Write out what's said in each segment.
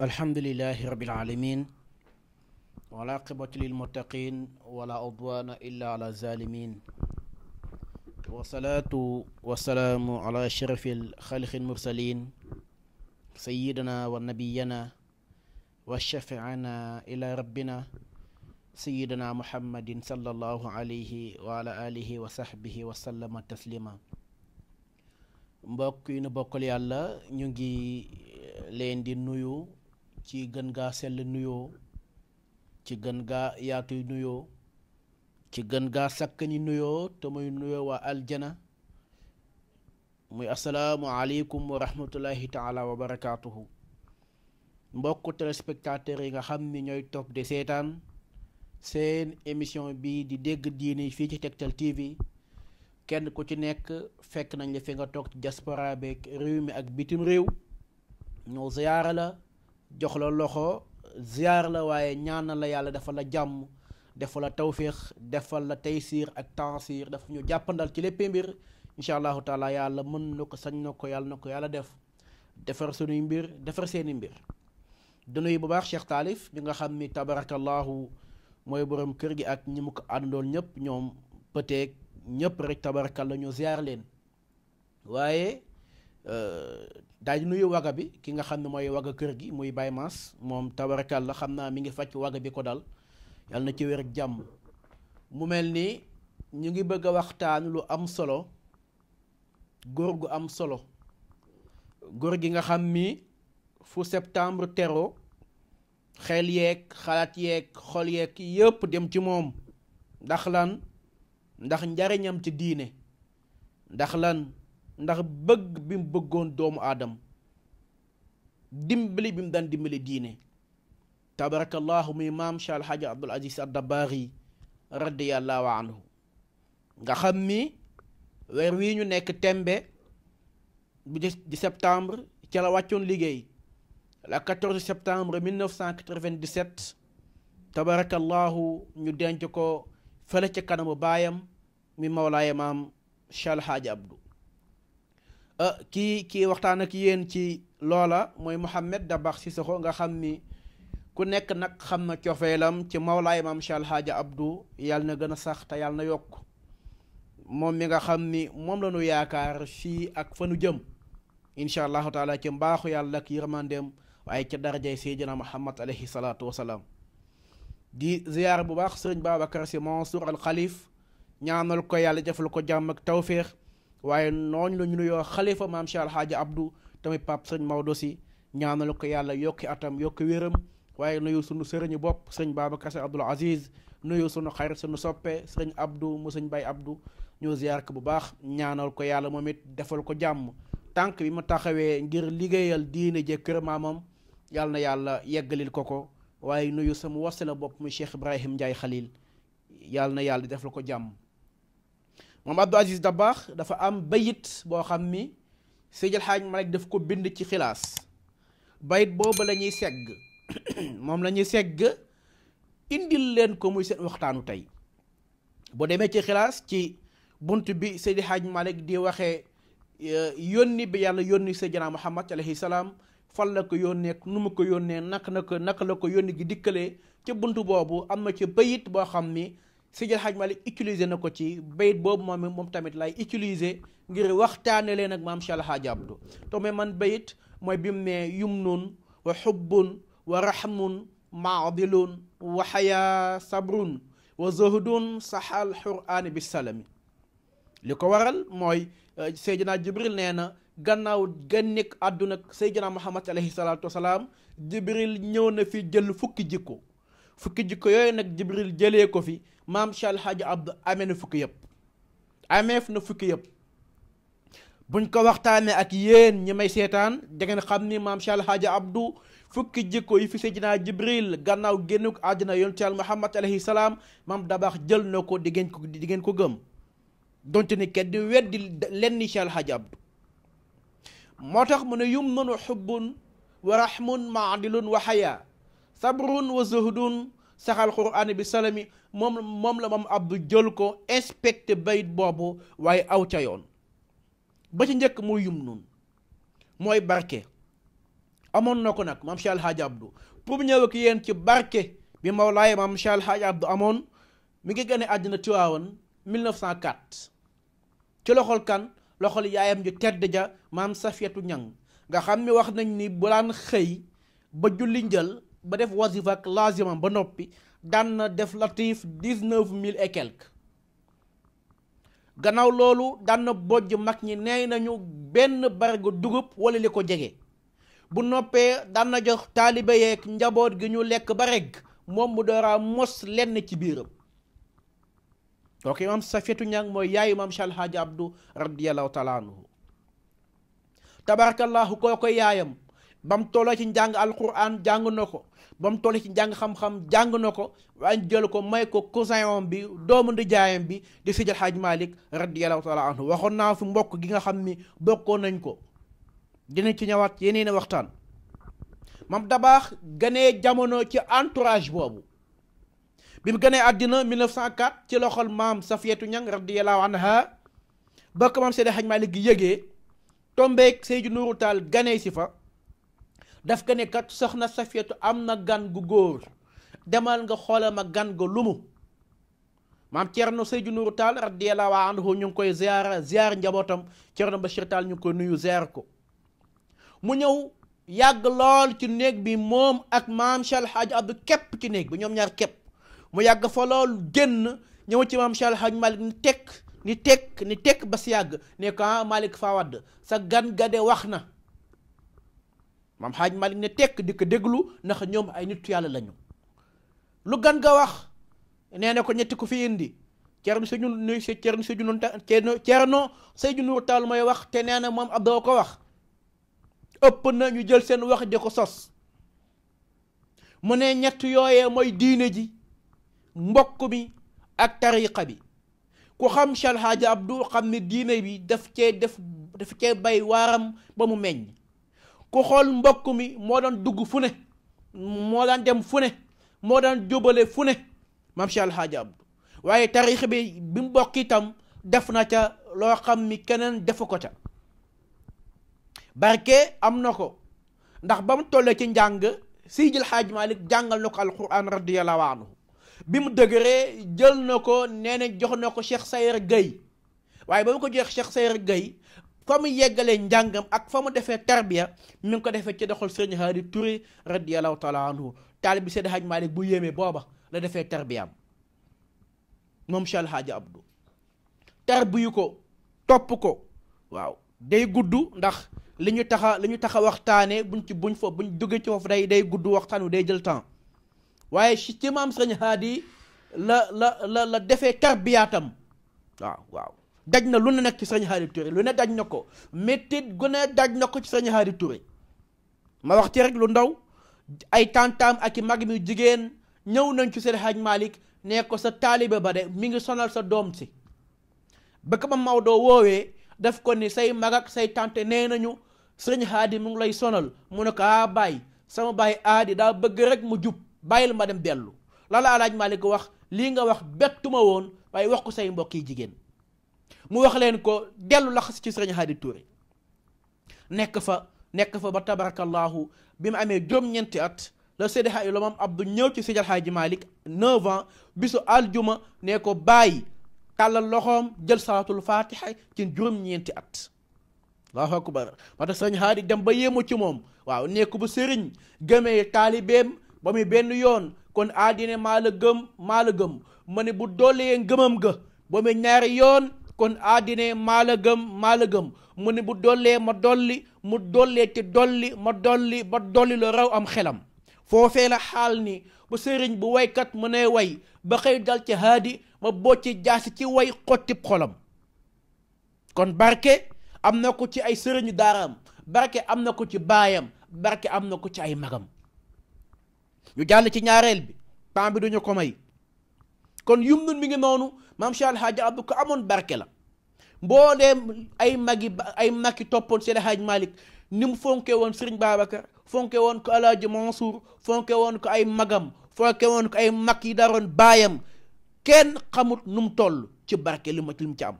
alhamdulilahi rabbil alamin wala aqibatu lil muttaqin wala udwana illa ala zalimin wasalaatu wasalaamu ala ashrafil xalqil mursalin sayidana wa nabiyana wa shafiana ila rabbina sayidana muhammadin sallallahu alayhi wa ala alihi wa sahbihi wa sallama taslima mbokk yi nu bokkal yàlla ñu ngi leen di nuyu ci gën gaa sell nuyoo ci gën gaa yaatuy nuyoo ci gën gaa sakkani nuyoo te muy nuyoo waa aljana muy asalaamu aleykum wa rahmatullahi taala wa barakaatuhu mbokk téléspectateurs yi nga xam ni ñooy toog di seetaan seen émission bi di dégg diini fii ci Tektal TV kenn ku ci nekk fekk nañ la fi nga toog ci diaspora réew mi ak bitim réew ñoo ziyaara la jox la loxo ziar la waaye ñaanal la yàlla defal la jàmm defal la tawféex defal la taysiir ak tansiir dafa ñu jàppandal ci lépp mbir incha allahu taala yàlla mën na ko sañ na ko yàlla na ko yàlla def defar sunuy mbir defar seeni mbir yi bu baax Cheikh Taalif bi nga xam ni tabarakallahu mooy boroom kër gi ak ñi mu ko àndoon ñëpp ñoom pëteek ñëpp rek tabarakal la ñu ziar leen waaye Euh, daal di nuyu waga bi ki nga xam ne mooy waga kër gi muy Baye Mass moom tabarakal la xam naa mi ngi fàcc waga bi ko dal yàlla na ci wér ak jàmm mu mel ni ñu ngi bëgg a waxtaan lu am solo góor gu am solo góor gi nga xam ni fu septembre tero xel yeeg xalaat yeeg xol yeeg yëpp dem ci moom ndax lan ndax njariñam ci diine ndax lan ndax bëgg bi mu bëggoon doomu aadam dimbali bi mu daan dimbali diine tabarakallahu muy maam Cheikh Al Hadj Abdoul Aziz Ad-Dabaghi radiyallahu anhu nga xam ni weer wi ñu nekk tembe bu di septembre ca la wàccoon liggéey la 14 septembre 1997 tabarakallahu ñu denc ko fële ca kanamu baayam mi mawlaaya maam Cheikh Al Hadj Euh, kii kii waxtaan ak yéen ci loola mooy Mouhamed Dabax Cissokho nga xam ni ku nekk nag xam na cofeelam ci Mawlaay Maam Cheikh Alhaaji Abdou yàlla na gën sax te yàlla na yokk moom mi nga xam ni moom la yaakaar fii ak fanu jëm incha allahu taala ci mbaaxu yàlla ak yërmandeem waaye ca darajay Seydina Muhammad aleyhi salaatu wasalaam di ziyaar bu baax sëriñ Babacar Sy Mansour al Xalif ñaanal ko yàlla defal ko jàmm ak tawféex waaye noonu la ñu nuyoo xalifa maam Cheikh Alhaaji Abdou tamit Pape sëñ Maodo si ñaanal ko yàlla yokki atam yokki wéram waaye nuyu sunu sëriñu bopp sëñ Babacar Sy Abdoul Aziz nuyu sunu xarit sunu soppee sëñ Abdou mu sëñ Baye Abdou ñu ziar ko bu baax ñaanal ko yàlla moom it defal ko jàmm tànk bi ma taxawee ngir liggéeyal diine je kër maamam yàlla na yàlla yeggalil ko ko waaye nuyu sama wasila bopp mu Cheikh Ibrahim Ndiaye Khalil yàlla na yàlla defal ko jàmm moom Abdou Aziz Dabakh dafa am bayit boo xam ni Seydi El Hadji Malick daf ko bind ci xilaas bayit boobu la ñuy segg moom lañuy segg indil leen ko muy seen waxtaanu tey boo demee ci xilaas ci bunt bi Seydi El Hadji di waxee eh, yónni bi yàlla yónni Seydina Muhammad alayhi salaam fan la ko yónnee nu mu ko yónnee nak na ko naka la ko yónni gi dikkalee ca bunt boobu am na ci bayit boo xam ni Seydi El ma Malick utiliser na ko ci bayit boobu moom moom tamit lay utiliser ngir waxtaane leen nag maam Cheikh El Hadj Abdou to mais man bayit mooy bi mu ne yumnun wa xubbun wa rahmun maadilun wa xayaa sabrun wa zuhdun saxal xuraan bi salami li ko waral mooy euh, Seydina Jibril nee na gannaaw gannik àdduna Seydina Muhammad alayhi salaam wasalaam Jibril ñëw na fi jël fukki jikko fukki jikko yooyu nag Jibril jëlee ko fi maam Cheikh El Hadj Abdou amee na fukki yëpp ameef na fukki yëpp buñ ko waxtaanee ak yéen ñi may seetaan da ngeen xam ni maam Cheikh El Hadj fukki jikko yi fi Seydina Jibril gannaaw génnuk àddina yonent Yàlla Muhammad alayhi salaam maam dabax jël na ko di ngeen ko ngeen ko gëm donte ni kat di weddi lenn Cheikh El Hadj moo tax mu ne yumnun xubbun wa rahmun maadilun wa xayaa sabrun wa zuhdun saxal quraan bi salami moom moom la moom abdu jël ko inspecté bayit boobu waaye aw ca yoon ba ci njëkk muy yum nun mooy barke amoon na ko nag maam Cheikh Alhaaj Abdu pour ñëw ak yéen ci barke bi Mawlaay maam Cheikh Alhaaj Abdu amoon mi ngi gane àddina Tiwaawan 1904 ci loxol kan loxol yaayam ju tedd ja maam Safiyatu Ñang nga xam ni wax nañ ni bu daan xëy ba julli njël ba def wasif ak ba noppi daan na def latif dix-neuf mille et quelque gannaaw loolu daan na bojj mag ñi nee nañu benn barigo dugub wala li ko jege bu noppee daan na jox taalibe njaboot gi ñu lekk ba moom bu dooraa mos lenn ci biiram kooku imaam Safiyatu Ñang mooy yaayu maam Cheikh Alhaaji Abdu radiallahu taala anhu tabarakallahu koo yaayam bam tolloo ci njàng alquran jàng na ko ba mu toll ci njàng xam-xam jàng na ko waaye jël ko may ko cousin bi doomu jaayam bi di Seydi El Hadji Malick radiyallahu waxoon naa fi mbokk gi nga xam ni bokkoon nañ ko dinañ ci ñëwaat yeneen i waxtaan Mame dabaax ganee jamono ci entourage boobu bi mu ganee àddina 1904 ci loxol maam Safiyatu Ñang radiyallahu anha ba ko maam Seydi El Hadji Malick gi yëgee tombeeg Seydou Nourou Tall ganee si fa daf ko ne kat soxna Safiyatu am na gan gu góor demal nga xoolal ma gan ga lumu maam Thierno Seydou Nourou Tall radiyallahu anhu ñu ngi koy ziar ziar njabootam Thierno Bachir Tall ñu ngi koy nuyu ziar ko mu ñëw yàgg lool ci néeg bi moom ak maam Cheikh Hadj képp ci néeg ñoom ñaar képp mu yàgg fa lool génn ñëw ci maam Cheikh Hadj Malick ni tekk ni tekk ni tekk ba si yàgg ne ko ah Malick sa gan gade wax na. maam xaaj Malick ne tekk dikk déglu ndax ñoom ay nit yàlla lañu lu gan ga wax nee na ko ñetti ko fi indi Thierno Seydou Nour Thierno Seydou Nour Thierno Seydou Nour Tall mooy wax te nee na moom Abdou ko wax ëpp na ñu jël seen wax di ko sos mu ne ñett yooyee mooy diine ji mbokk mi ak tariqa bi ku xam Cheikh Hadj Abdou xam ne diine bi daf cee def daf cee bay waaram ba mu meññ. ku xool mbokk mi moo daan dugg fu ne moo daan dem fu ne moo daan jubale fu ne maam Cheikh El Hadj Abdou waaye tarix bi bi mu mbokk itam def na ca loo xam ni keneen defu ko ca barke am na ko ndax ba mu tollee ci njàng xaaj ma Malick jàngal na ko alquran radiyallahu anhu bi mu dëgëree jël na ko nee na jox na ko Cheikh Sayer Gueye waaye ba mu ko jox Cheikh Sayer Gueye fa mu yeggalee njàngam ak fa mu defee tarbiya mi ngi ko defee ci doxal sëriñ Haadi Touré radiyallahu taala anhu taalib bi Seydi Hadj Malick bu yemee booba la defee tarbiyaam moom Cheikh Alhaaji Abdou tarbiyu ko topp ko waaw day gudd ndax li ñu taxa li ñu taxa waxtaanee buñ ci buñ fa buñ duggee ci foofu day day gudd waxtaan wi day jël temps waaye ci maam sëriñ Haadi la la la defee tarbiyaatam waaw daj na lu ne nekk ci sëriñ Khadim Touré lu ne daj na ko métti gu ne daj na ko ci sëriñ Khadim Touré ma wax ci rek lu ndaw ay tantaam ak i mag mi jigéen ñëw nañ ci seen Hadj Malick ne ko sa taalibe ba de mi ngi sonal sa doom si ba ko ma Maodo woowee def ko ni say mag ak say tànt nee nañu sëriñ Khadim mu ngi lay sonal mu ne ko ah bàyyi sama bàyyi aadi daa bëgg rek mu jub bàyyil ma dem dellu lala alaaj Malick wax lii nga wax bettuma woon waaye wax ko say mbokk yi jigéen mu wax leen ko dellu laxas ci sëriñ Hadi Touré nekk fa nekk fa ba tabarakallahu bi mu amee juróom-ñeenti at la Seydi Haaji ab Abdou ñëw ci Seydi Haaji Malick neuf ans bisu aljuma ne ko bàyyi tàllal loxoom jël salatul fatiha ci juróom-ñeenti at allahu akbar moo tax sëriñ Hadi dem ba yéemu ci moom waaw nekk bu sëriñ gëmee taalibeem ba muy benn yoon kon aadine maa la gëm maa la gëm ma ne bu doolee ngëmam ga ba muy ñaari yoon kon aadine maa gëm maa la gëm mu ne bu dollee ma dolli mu dollee te dolli ma dolli ba dolli lu raw am xelam foofee la xaal ni bu sëriñ bu waykat mu ne way ba xëy dal ci haadi ma bocci jaasi ci way xottib xolam kon barke am na ko ci ay sëriñ daaraam barke am na ko ci baayam barke am na ko ci ay magam ñu jàll ci ñaareel bi temps bi duñu ko may kon yum nun mi ngi noonu maam Cheikh Alhaaji Abdou ko amoon barke la mbooleem ay magi ay magi toppoon Seydi Hadj Malick ni mu fonke woon Serigne Babacar fonke woon ko Alaaji Mansour fonke woon ko ay magam fonke woon ko ay mag yi daroon baayam kenn xamut nu mu toll ci barke li ma ci li mu am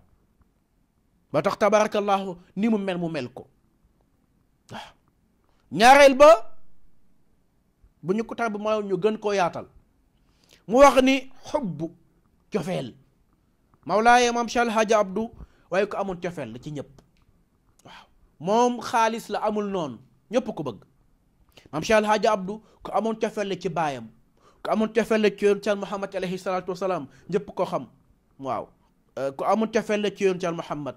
ba tax tabarakallahu ni mu mel mu mel ko waaw ñaareel ba bu ñu ko tax bi mooy ñu gën koo yaatal mu wax ni xubbu cofeel mawlaaye maam Cheikh Alhaji Abdou waaye ko amul cofeel la ci ñëpp waaw moom xaalis la amul noonu ñëpp ko bëgg maam Cheikh Alhaji Abdou ko amoon cofeel la ci baayam ko amoon cofeel la ci yoon Cheikh Mouhamad alayhi salaatu wasalaam ñëpp ko xam waaw ko amoon cofeel la ci yoon Cheikh Mouhamad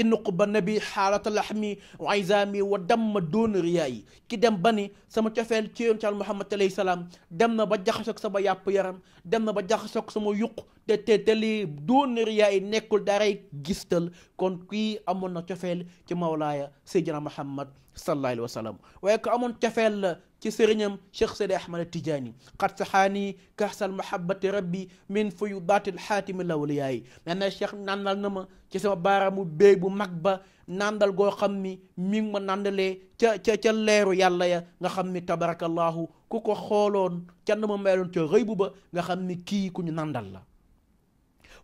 innu qubba nabi xaalata laxmi wa izami wa damma doon riyaa yi ki dem ba ni sama cofeel ci yoon ci àl muhammad alayhi salaam dem na ba jaxasoog sama yàpp yaram dem na ba jaxasoog sama yuq te te te lii doon riyaa yi nekkul daray gistal kon kii amoon na cofeel ci mawlaaya seydina muhammad sallallahu alayhi wa sallam waaye ko amoon cofeel la ci sëriñam cheikh seydi ahmad tijaani xat saxaanii kaxsal mahabati rabbi min fuyudaatil xaatimi lawliyaay nee na cheikh nàndal na ma ci sama mu béy bu mag ba nàndal goo xam ni mi ngi ma nàndalee ca ca ca leeru yàlla ya nga xam ni tabarakallahu ku ko xooloon ca na ma meloon ca rëy ba nga xam ni kii ku ñu nàndal la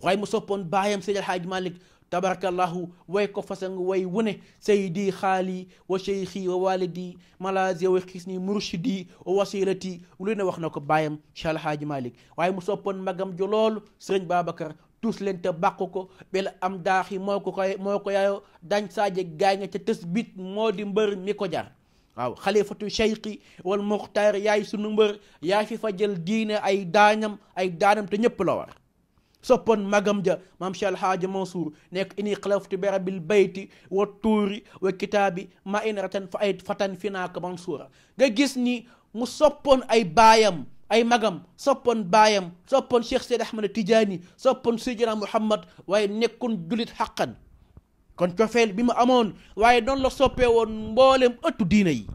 waaye mu soppoon baayam seydi alxaaj malik tabarakallahu way ko fasang way wune sayidi xaali wa cheikhi wa walidi malazi wa xisni murshidi wa wasilati lu ne wax na ko bàyyam Cheikh Alhaaji Malick waaye mu soppoon magam jo loolu sëriñ Babacar tuus leen te bàqu ko bela am daaxi moo ko koy moo ko yaayoo ca tës moo di mbër mi ko jar waaw xalifatu cheikhi wal muxtaar yaay sunu mbër yaay fi fa jël diine ay daañam ay daanam te ñëpp la war soppoon magam ja maam Cheikh Alhaaji Mansour nekk ini xalaftu bi rabbil bayti wa tuuri wa kitaabi ma in ratan fa ay fatan fi naaka mansuura nga gis ni mu soppoon ay baayam ay magam soppoon baayam soppoon Cheikh Seydi Ahmad Tijaani soppoon Seydina Muhammad waaye nekkoon julit xaqan kon cofeel bi mu amoon waaye noonu la soppee woon mboolem ëttu diine yi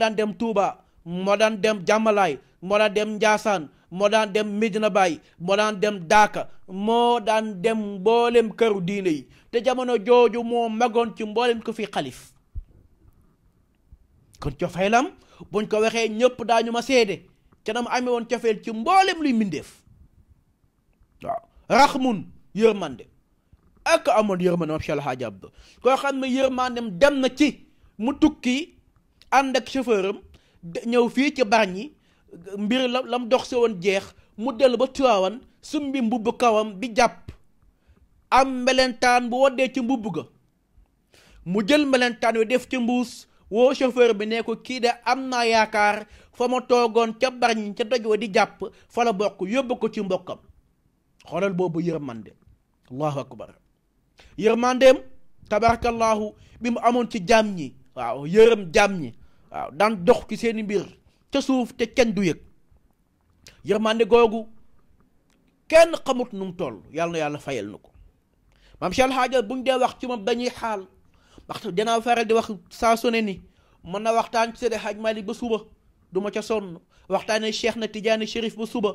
daan dem tuuba moo daan dem jàmmalaay moo dem Njaasaan moo daan dem Medina bàyyi moo daan dem Daaka moo daan dem mboolem këru diine yi te jamono jooju moo magoon ci mboolem ko fi xalif kon cofeelam buñ ko waxee ñëpp daañu ma seede ca na mu amee woon cofeel ci mboolem luy mbindeef waaw raxmun yërmande ak amoon yërmande moom Cheikh El Hadj Abdou koo xam ne yërmandem dem na ci mu tukki ànd ak chauffeur ñëw fii ci yi mbir la lam dox si woon jeex mu dellu ba Tiwaawan sumbi mbubb kawam bi jàpp am melentaan bu waddee ci mbubb ga mu jël mbelentaan wi def ci mbuus woo chauffeur bi ne ko kii de am naa yaakaar fa ma toogoon ca barñ ca doj wa di jàpp fa la bokk yóbbu ko ci mbokkam xoolal boobu yërmande allahu akbar yërmandeem tabarakallahu bi mu amoon ci jaam ñi waaw yërëm jaam ñi waaw daan dox ci seeni mbir ca suuf te kenn du yëg yërmande googu kenn xamut nu mu toll yàlla na yàlla fayal na ko maam Cheikh Alhaaja buñ dee wax ci moom dañuy xaal waxtu dinaa faral di wax saa su mën na waxtaan ci Seydi Hadj Malick ba suba du ma ca sonn waxtaane Cheikh na Tidiane Chérif ba suba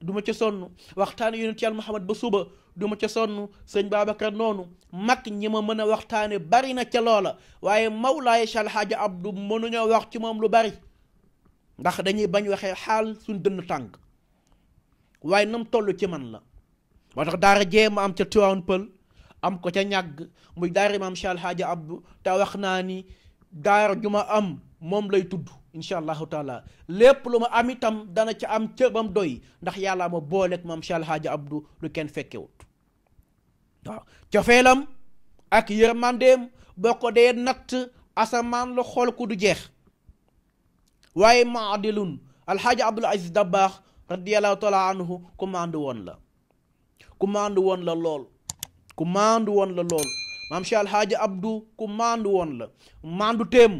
duma ca sonn waxtaan yonent Yàlla Muhammad ba suba duma ca sonn sëñ Babacar noonu mag ñi ma mën a waxtaane bari na ca loola waaye Mawlaay Cheikh Alhaaja Abdou mënuñoo wax ci moom lu bari ndax dañuy bañ waxee xaal suñ dënn tànk waaye nam toll ci man la moo tax daara jee ma am ca Tivaouane Pël am ko ca ñàgg muy daara maam Cheikh Alhaaji Abdu te wax naa ni daara ju ma am moom lay tudd incha allahu taala lépp lu ma am itam dana ca am ca bam doy ndax yàllaa ma booleeg maam Cheikh Alhaaji Abdu lu kenn fekkewut waaw cofeelam ak yërmandeem boo ko dee natt asamaan la xool ko du jeex waaye maadilun alxaaji abdul aziz dabbaax radiallahu taala anhu ku mànd woon la ku mànd woon la lool ku woon la lool maam cheikh alxaaji abdu ku mànd woon la màndu téem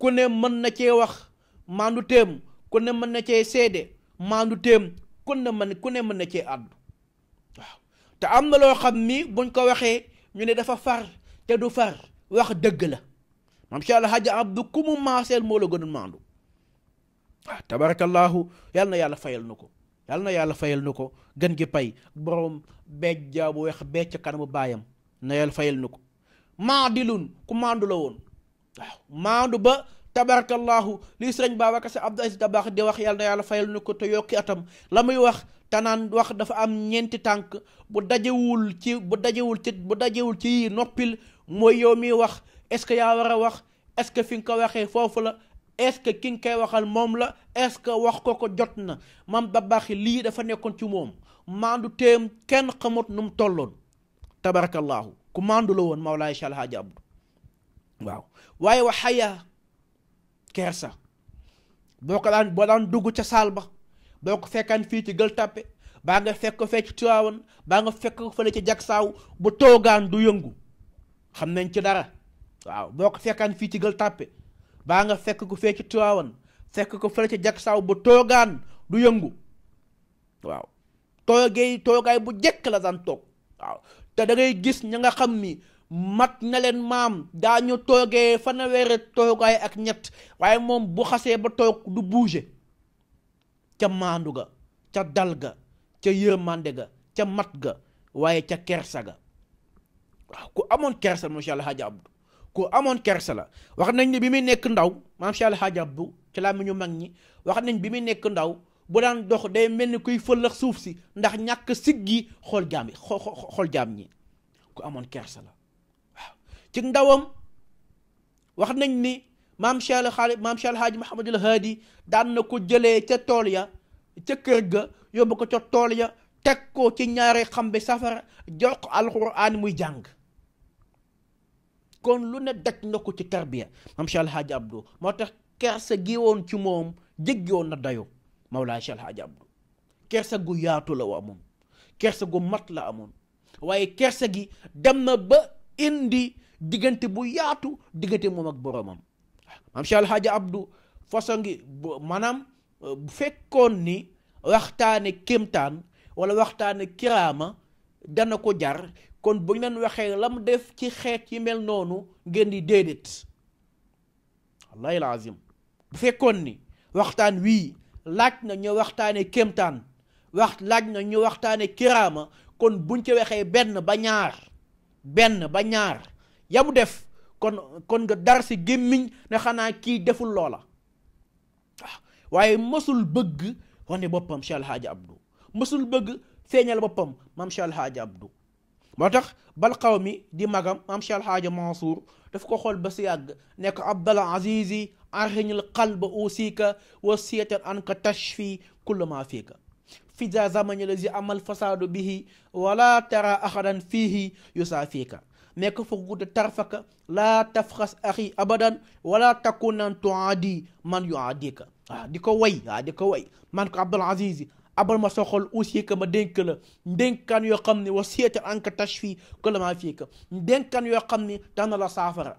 ku ne mën na cee wax màndu téem ku ne mën na cee seede màndu téem ku ne mën ku ne mën na cee àddu waaw te am na loo xam ni buñ ko waxee ñu ne dafa far te du far wax dëgg la maam cheikh alxaaji abdu ku mu maaseel moo la gënul màndu ah tabarakallahu yal na yàlla fayal nu ko yal na yàlla fayal nu ko gën gi pay borom beej jaabu weex beej ca kanamu baayam na yàlla fayal nu ko maadilun ku maandu la woon waaw maandu ba tabarakallahu lii sëriñ Babacar Sy Abdou Aziz Dabakh di wax yàlla na yàlla fayal nu ko te yokki atam la muy wax naan wax dafa am ñeenti tànk bu dajewul ci bu dajewul ci bu dajewul ci noppil mooy yow miy wax est-ce yaa war a wax est fi nga ko waxee foofu la est-ce que ki nga koy waxal moom la est-ce que wax ko ko jot na maam Dabakh lii dafa nekkoon ci moom maandu téem kenn xamut nu mu tolloon tabarakallahu ku maandu la woon Mawlaay Cheikh Alhaaji Abdu waaw waaye wa xaya kersa boo ko daan boo daan dugg ca saal ba boo ko fekkaan fii ci gël tàppe baa nga fekk ko fee ci Tiwaawan baa nga fekk ko fële ci jagsaaw bu toogaan du yëngu xam nañ ci dara waaw boo ko fekkaan fii ci gël tàppe baa nga fekk ko fee ci Tiwaawan fekk ko fële ci jag saaw ba toogaan du yëngu waaw toogee toogaay bu jekk la daan toog waaw te dangay gis ña nga xam ni mat na leen maam daañu toogee fanweeri toogaay ak ñett waaye moom bu xasee ba toog du bouger ca maandu ga ca dal ga ca yërmande ga ca mat ga waaye ca kersa ga waaw ku amoon kersa monsieur El Hadj ku amoon kersa la wax nañ ne bi muy nekk ndaw maam Cheikh El bu Abdou ci laa mag ñi wax nañ bi muy nekk ndaw bu daan dox day mel ni kuy fëllax suuf si ndax ñàkk siggi xool jaam yi xool jaam ñi ku amoon kersa la waaw ci ndawam wax nañ ni maam Cheikh El Hadj maam Cheikh El Hadj Mouhamadul Hadi daan na ko jëlee ca tool ya ca kër ga yóbbu ko ca tool ya teg ko ci ñaari xam bi safara jox ko alxuraan muy jàng kon lu ne daj na ko ci tarbiya maam Cheikh El Hadj moo tax kersa gi woon ci moom jéggi woon na dayoo Mawlaay Cheikh El Hadj Abdou kersa gu yaatu la amoon kersa gu mat la amoon waaye kerse gi dam na ba indi diggante bu yaatu diggante moom ak boroomam maam Cheikh El Hadj façon gi maanaam euh, bu fekkoon ni waxtaane kéemtaan wala waxtaane kiraama dana ko jar kon bu ñu leen waxee la def ci xeet yi mel noonu ngeen di déedéet wallahi laazim bu fekkoon ni waxtaan wii laaj na ñu waxtaane kémtaan wax laaj na ñu waxtaane kiraama kon buñ ci waxee benn ba ñaar benn ba ñaar ya mu def kon kon nga dar si gémmiñ ne xanaa kii deful loola waaw ah, waaye mësul bëgg wane boppam Cheikh Alhaaji Abdou mësul bëgg feeñal boppam maam Cheikh Alhaaji Abdou moo tax bal xaw mi di magam maam Cheikh Alxaaja Mansour daf ko xool ba si yàgg nekk abdal azizi arhinil qalba usika wasiyatan an ka tashfi kulla ma fiika fi za zamani lazi amal fasadu bihi wala tara ahadan fihi yusaafika nekk fa gudda tarfaka laa tafxas axi abadan wala takunan tuadi man yuadika waaw ah, di ko way waaw ah, di ko way man ko abdul azizi abal ma soxol xol aussi que ma dénk la ndénkaan yoo xam ne wasiyatan anka tashfi kullu ma fiika ndénkaan yoo xam ne dana la saafara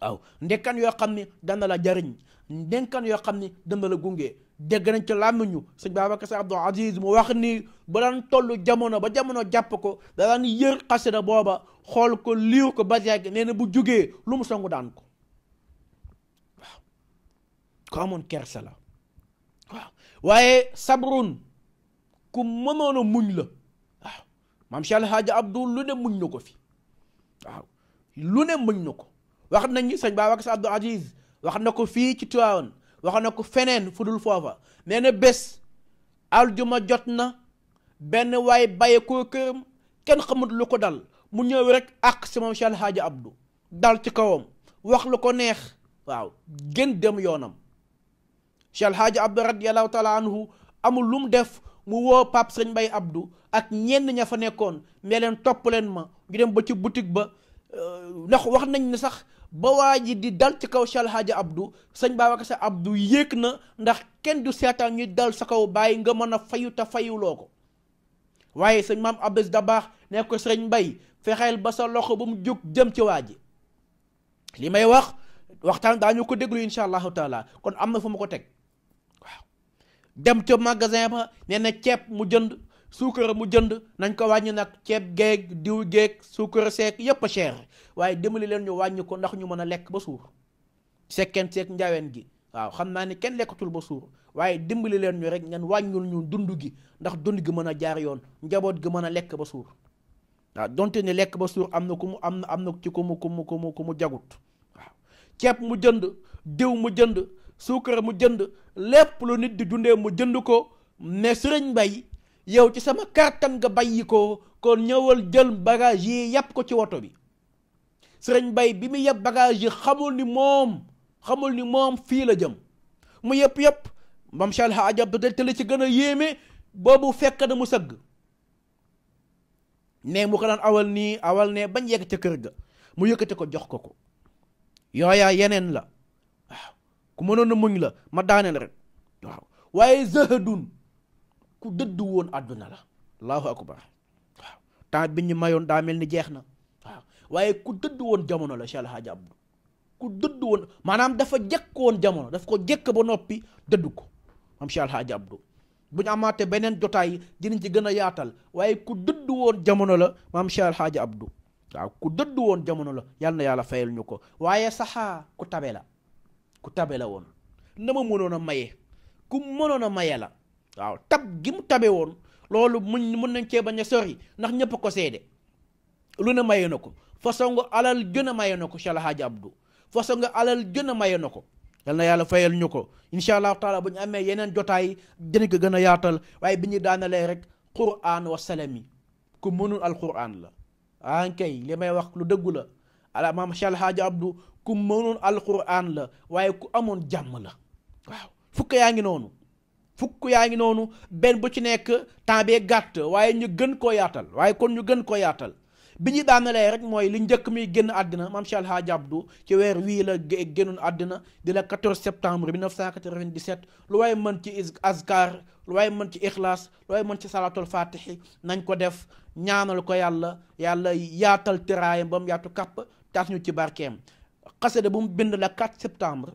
waaw ndénkaan yoo xam ne dana la jariñ ndénkaan yoo xam ne dana la gunge dégg nañ ci làmmiñu sëñ Babacar Sy Abdou Aziz mu wax ni ba daan toll jamono ba jamono jàpp ko da daan yër xasida booba xool ko liiw ko ba yàgg nee na bu jógee lu mu songu daan ko waaw ko amoon kerse la waaw waaye sabrun ku mënoon a muñ la waaw maam Cheikh El Hadj lu ne muñ na ko fi waaw lu ne muñ na ko wax nañu sëñ Babacar Abdou Aziz wax na ko fii ci Tiwaawan wax na ko feneen fu dul foofa nee na bés aljuma jot na benn waay bàyyi koo këram kenn xamut lu ko dal mu ñëw rek ak si maam Cheikh El Hadj Abdou dal ci kawam wax lu ko neex waaw gën dem yoonam Cheikh El Hadj Abdou radiyallahu taala amul lu mu def mu woo Pape Sëñ Mbay Abdou ak ñenn ña fa nekkoon ne leen ma ñu dem ba ci boutique ba euh, ndax wax nañ ne sax ba waa ji di dal ci kaw Cheikh El Hadji Abdou sëñ Babacar Sy Abdou yéeg na ndax kenn du seetaan ñuy dal sa kaw bàyyi nga mën a fayu te fayuloo ko waaye sëñ maam Abdou da baax nekk ko sëñ Mbay fexeel ba sa loxo ba mu jóg jëm ci waa ji li may wax waxtaan daañu ko déglu incha allahu taala kon am na fu ma ko teg. dem ca magasin ba nee na ceeb mu jënd suukar mu jënd nañ ko wàññ nag ceeb géeg diw géeg suukar seeg yépp a cher waaye dimbali leen ñu wàññi ndax ñu mën a lekk ba suur sekkeen seeg gi waaw xam naa ni kenn lekkatul ba suur waaye dimbali leen ñu rek ngeen wàññul ñu dund gi ndax dund gi mën a jaar yoon njaboot gi mën a lekk ba suur waaw donte ne lekk ba suur am na ku mu am na am na ci ku mu ku mu ku mu jagut waaw ceeb mu jënd diw mu jënd suukar mu jënd lépp lu nit di dundee mu jënd ko mais sëriñ Mbay yow ci sama kàttan nga bàyyi ko kon ñëwal jël bagage yi yàpp ko ci woto bi sëriñ Mbay bi mu yàpp bagage yi xamul ni moom xamul ni moom fii la jëm mu yëpp yëpp mam sha Allah ajab te li ci gën a yéeme boobu fekk na mu sëgg ne mu ko daan awal nii awal ne bañ yegg ca kër ga mu yëkkati ko jox ko ko yooya yeneen la ku mënoon a muñ la ma daaneel rek waaw waaye zahadun ku dëdd woon àdduna la allahu akbar waaw temps bi ñu mayoon daa mel ni jeex na waaw waaye ku dëdd woon jamono la Cheikh El Hadj Abdou ku dëdd woon maanaam dafa jekk jamono daf ko jekk ba noppi dëdd ko moom Cheikh bu ñu amaatee beneen jotaay dinañ ci gën a yaatal waaye ku dëdd woon jamono la maam Cheikh El Hadj waaw ku dëdd woon jamono la yal na yàlla fayal ñu ko waaye saxaa ku tabe la ku tabe la woon na ma a maye ku mënoon a maye la waaw tab gi mu tabe woon loolu mun mun nañ cee bañ a sori ndax ñëpp ko seede lu ne maye na ko façon nga alal jën a maye na ko Cheikh Hadj Abdou façon nga alal jën a maye na ko yal na yàlla fayal ñu ko incha allahu taala bu ñu amee yeneen jotaay dinañ ko gën a yaatal waaye bi ñu daanalee rek quraan wa salami ku mënul al quraan la ah kay li may wax lu dëggu la ala maam Cheikh Hadj ku mënoon alquran la waaye ku amoon jàmm la waaw fukk yaa ngi noonu fukk yaa ngi noonu benn bu ci nekk temps bee gàtt waaye ñu gën koo yaatal waaye kon ñu gën koo yaatal bi ñu daanelee rek mooy li njëkk mi génn àddina maam Cheikh Alhaji Abdou ci weer wii la génnoon àddina di la 14 septembre 1997 lu waaye mën ci azkar lu waaye mën ci ixlaas lu waaye mën ci salaatul fatixi nañ ko def ñaanal ko yàlla yàlla yaatal tëraayam ba yaatu kàpp taas ñu ci barkeem xasida bu mu bind la 4 septembre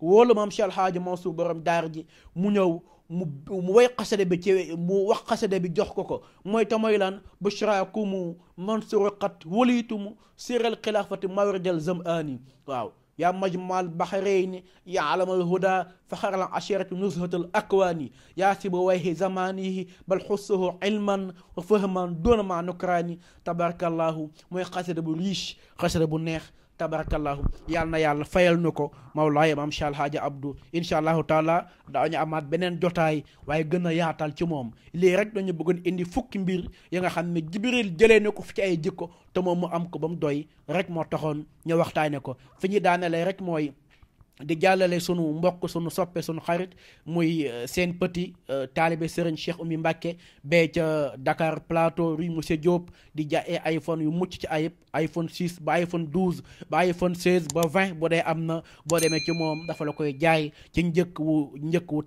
woolu maam Cheikh Alhaaji Mansour borom daar ji mu ñëw mu mu way xasida bi ci mu wax xasida bi jox ko ko mooy te mooy lan bushraakumu mansuru qad walitumu siral xilaafati mawridal zam'aani waaw yaa majmal bahrayni yaa alamal huda faxaral ashirati nuzhatal akwaani yaa si ba wayhi zamanihi bal xussahu ilman wa fahman doona ma nukraani tabarakallahu mooy xasida bu riche xasida bu neex tabarakallahu yal na yàlla fayal nu ko mawlaaya maam Cheikh Alhaaja Abdou incha allahu taala daañu amaat beneen jotaay waaye gën a yaatal ci moom lii rek dañu bëggoon indi fukki mbir ya nga xam ne Jibril jëlee na ko fi ci ay jikko te moom mu am ko ba mu doy rek moo taxoon ñu waxtaane ko fi ñu daanale rek mooy di jàllale sunu mbokk sunu soppee sunu xarit muy euh, seen petit euh, taalibe Serigne Cheikh Oumy Mbacké bee ca dakaar Plateau rue Monsieur Diop di jaay ay iPhone yu mucc ci ayib iPhone 6 ba iPhone 12 ba iPhone 16 ba 20 bu dee am na boo demee ci moom dafa la koy jaay ci njëkk wu njëkk wu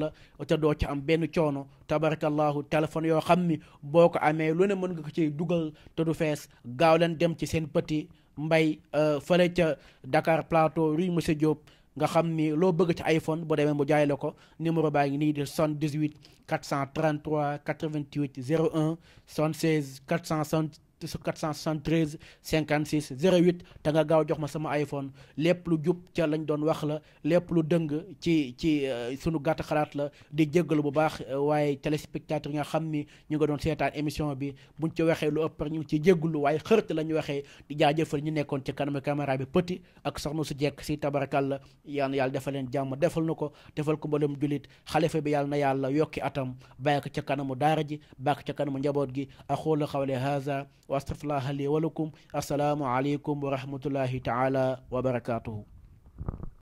la te doo ci am benn coono tabarakallahu téléphone yoo xam ni boo ko amee lu ne mën nga ko ciy dugal te du fees gaaw leen dem ci seen petit. mbay euh, fële ca Dakar Plateau rue monsieur Diop nga xam ni loo bëgg ci iPhone boo demee mu jaay la ko numéro baa ngi nii di 78 433 88 01 76 4 473 56 08 te nga gaaw jox ma sama iPhone lépp lu jub ca lañ doon wax la lépp lu dëng ci ci sunu gàtt xalaat la di jéggalu bu baax waaye téléspectateur yi nga xam ni ñu nga doon seetaan émission bi buñ ci waxee lu ëpp ñu ci ciy jéggalu waaye xërt la ñu waxee jaajëfal ñu nekkoon ci kanam caméra bi petit ak soxna su jekk si tabarakàlla yal na yàlla defal leen jàmm defal na ko defal ko mbalum julit xalifa bi yàlla na yàlla yokki atam bàyyi ko ca kanamu daara ji bàyyi ko kanamu njaboot gi wa astaghfirullaha li wa lakum assalaamu aleykum wa rahmatullahi taala wa barakatuhu